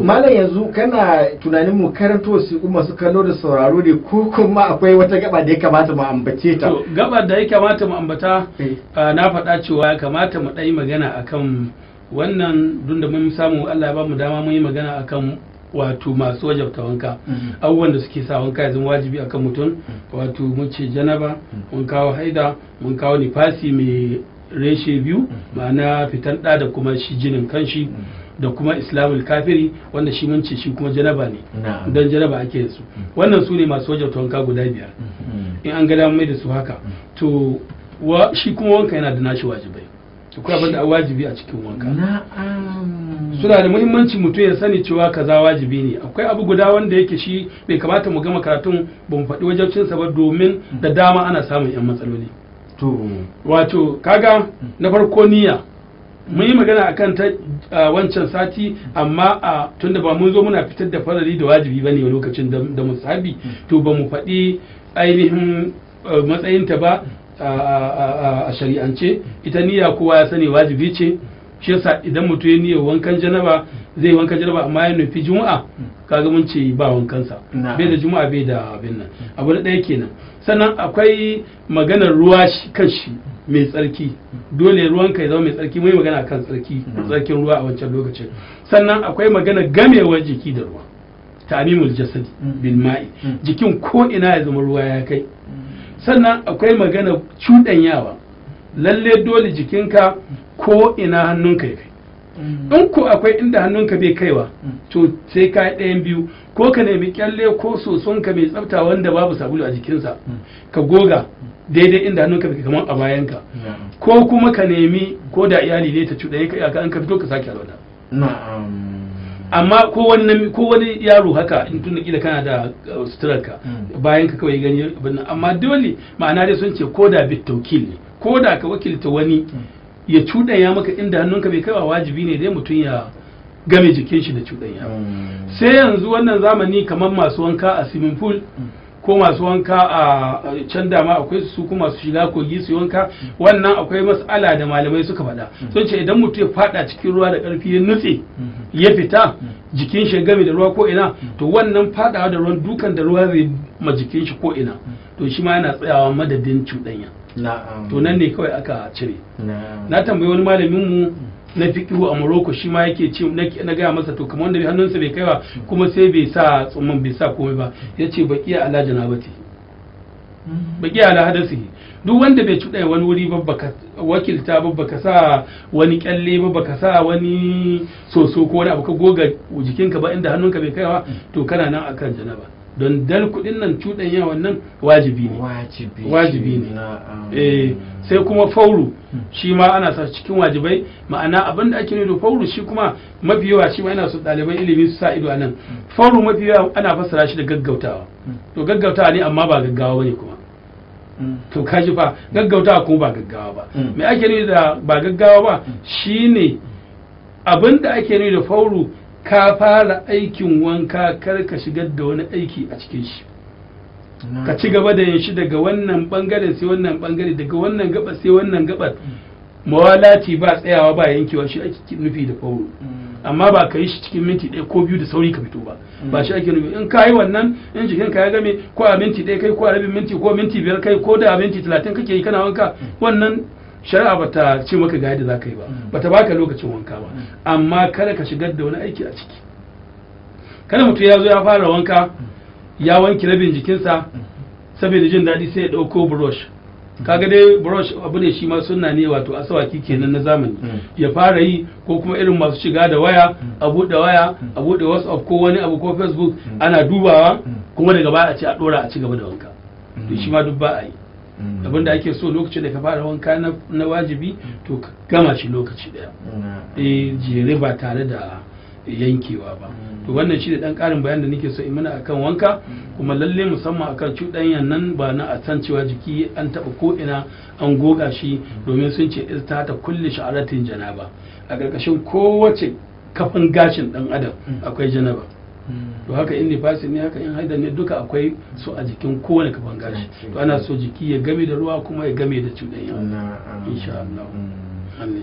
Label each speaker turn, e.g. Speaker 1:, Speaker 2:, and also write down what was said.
Speaker 1: malam yanzu kana tunanin mu karanto kuma masu kallo da sauraro ne ko kuma akwai wata gaba da ya kamata mu ambace ta to gaba da ya kamata mu ambata eh. ah, na faɗa cewa ya kamata mu ɗai magana akan wannan don da mun samu Allah ya ba mu dama mun yi magana akan wato masu wajabta wanka mm-hmm. abubuwan da suke sa wanka yanzu wajibi akan mutum mm-hmm. wato mun ce janaba mun kawo haida mun kawo nifasi mai reshe biyu ma'ana fitan ɗa da kuma shi jinin kanshi da kuma islamul kafiri wanda shi mun ce shi kuma janaba ne don janaba ake yin su mm. wannan su ne masu wajen tuwanka guda biyar mm. in an gada mai da su haka mm. to shi kuma wanka yana da nashi wajibai akwai abin da wajibi a cikin wanka suna da muhimmanci mutum ya sani cewa kaza wajibi ne akwai abu guda wanda yake shi bai kamata mu gama karatun bamu faɗi wajencinsa ba domin da dama ana samun 'yan matsaloli wato kaga na farko niya mun yi magana akan ta wancan sati amma a tunda ba mun zo muna fitar da farari da wajibi bane lokacin da musabi to ba mu faɗi ainihin matsayinta ba a shari'ance ita niya kowa ya sani wajibi ce shi yasa idan mutum ya niyya wankan janaba zai wanka jaraba amma ya nufi juma'a hmm. kaga mun ce ba wankansa bai da juma'a bai da abin nan abu na ɗaya kenan sannan akwai maganar ruwa kan shi mai tsarki hmm. dole ruwan ka ya zama mai tsarki mai magana kan tsarki hmm. tsarkin ruwa a wancan lokacin sannan akwai maganar gamewar jiki da ruwa tamimul jasad bil ma'i jikin ko ina ya zama ruwa ya kai sannan akwai maganar cudanyawa lalle dole jikinka ko ina hannunka ya kai in ko akwai inda hannunka bai kaiwa to sai ka ɗayan biyu ko ka nemi kyalle ko sosonka mai tsafta wanda babu sabulu a jikinsa ka goga daidai inda hannunka bai kamar a bayanka ko kuma ka nemi ko da iyali ne ta ya ka iyaka an ka fito ka sake alwala amma ko wani yaro haka in tun da kana da uh, suturarka mm. bayan ka kawai gani amma dole ma'ana dai sun ce ko da bit ne ko da ka wakilta wani mm. ya cuɗanya maka inda hannunka bai kai wa wajibi ne dai mutum ya game jikin shi da cuɗanya hmm. sai yanzu wannan zamani kamar masu wanka a simin pool hmm. ko masu wanka a can dama akwai su kuma masu shiga kogi su wanka wannan akwai matsala da malamai suka faɗa mm. sun ce idan mutum ya faɗa cikin ruwa da ƙarfi ya nutse ya fita mm. jikin shi game da ruwa ko ina mm. to wannan faɗawa da ruwan dukan da ruwa zai ma jikin shi ko ina to shi ma yana tsayawa madadin cuɗanya to nan ne kawai aka cire na tambayi wani malamin mu na fiqihu a Morocco shi ma yake ce na gaya masa to kamar wanda bai hannunsa bai kaiwa kuma sai bai sa tsumman bai sa komai ba yace ya ala janabati ya ala hadasi duk wanda bai cuɗa wani wuri baka wakilta babbaka sa wani kyalle baka sa wani soso ko wani abu ka goga jikinka ba inda hannunka bai kaiwa to kana nan akan janaba don dal kudin nan cuɗanya wannan wajibi ne wajibi ne ah. eh sai kuma fauru shi ma ana sa cikin wajibai ma'ana abin da ake nufi fauru shi kuma mafi yawa shi ma yana so ɗaliban ilimi su sa ido a nan fauru mafi yawa ana fassara shi da gaggautawa to gaggautawa ne amma ba gaggawa bane kuma to kaji fa gaggautawa kuma ba gaggawa ba mm. me ake nufi da ba gaggawa ba shine abin da ake nufi da fauru ka fara aikin wanka kar ka shigar da wani aiki a cikin shi ka ci gaba da yin shi daga wannan bangare sai wannan bangare daga wannan gabar sai wannan gabar mawalati ba tsayawa ba yankewa shi ake nufi da fauro mm. amma ba ka yi shi cikin minti ɗaya ko biyu da sauri ka fito ba ba shi mm. ake nufi in ka yi wannan in jikin ka ya game ko a minti ɗaya kai ko a rabin minti ko minti biyar kai ko da a minti talatin kake yi kana wanka mm. wannan shari'a ba ta ce maka ga yadda za ka yi ba mm. ba ta baka lokacin wanka ba mm. amma kada ka shigar da wani aiki a ciki kada mutum ya zo ya fara wanka mm. ya wanke rabin jikinsa saboda jin daɗi sai ya ɗauko brush kaga dai brush abu ne shi ma sunna ne wato asawaki kenan na zamani ya fara yi ko kuma irin masu shiga da waya a buɗe waya a buɗe whatsapp ko wani abu ko facebook ana dubawa kuma daga baya a ce a ɗora a ci gaba da wanka to shi ma duk ba a yi Mm. abinda ake so lokacin da ka fara wanka na wajibi to gama shi lokaci daya e jere ba tare da yankewa ba to mm. wannan shi da dan karin bayan da nake so in mana akan wanka kuma lalle musamman akan cuɗanyan nan ba na a san cewa jiki an taɓa ko ina an goga shi domin sun ce ta ta kulli sha'aratin janaba a ƙarƙashin kowace kafin gashin dan adam akwai janaba to haka in nifasin ne haka in haidar ne duka akwai su a jikin kowane kafan gashi to ana so jiki ya game da ruwa kuma ya game da cuɗanya um, insha Allah mm.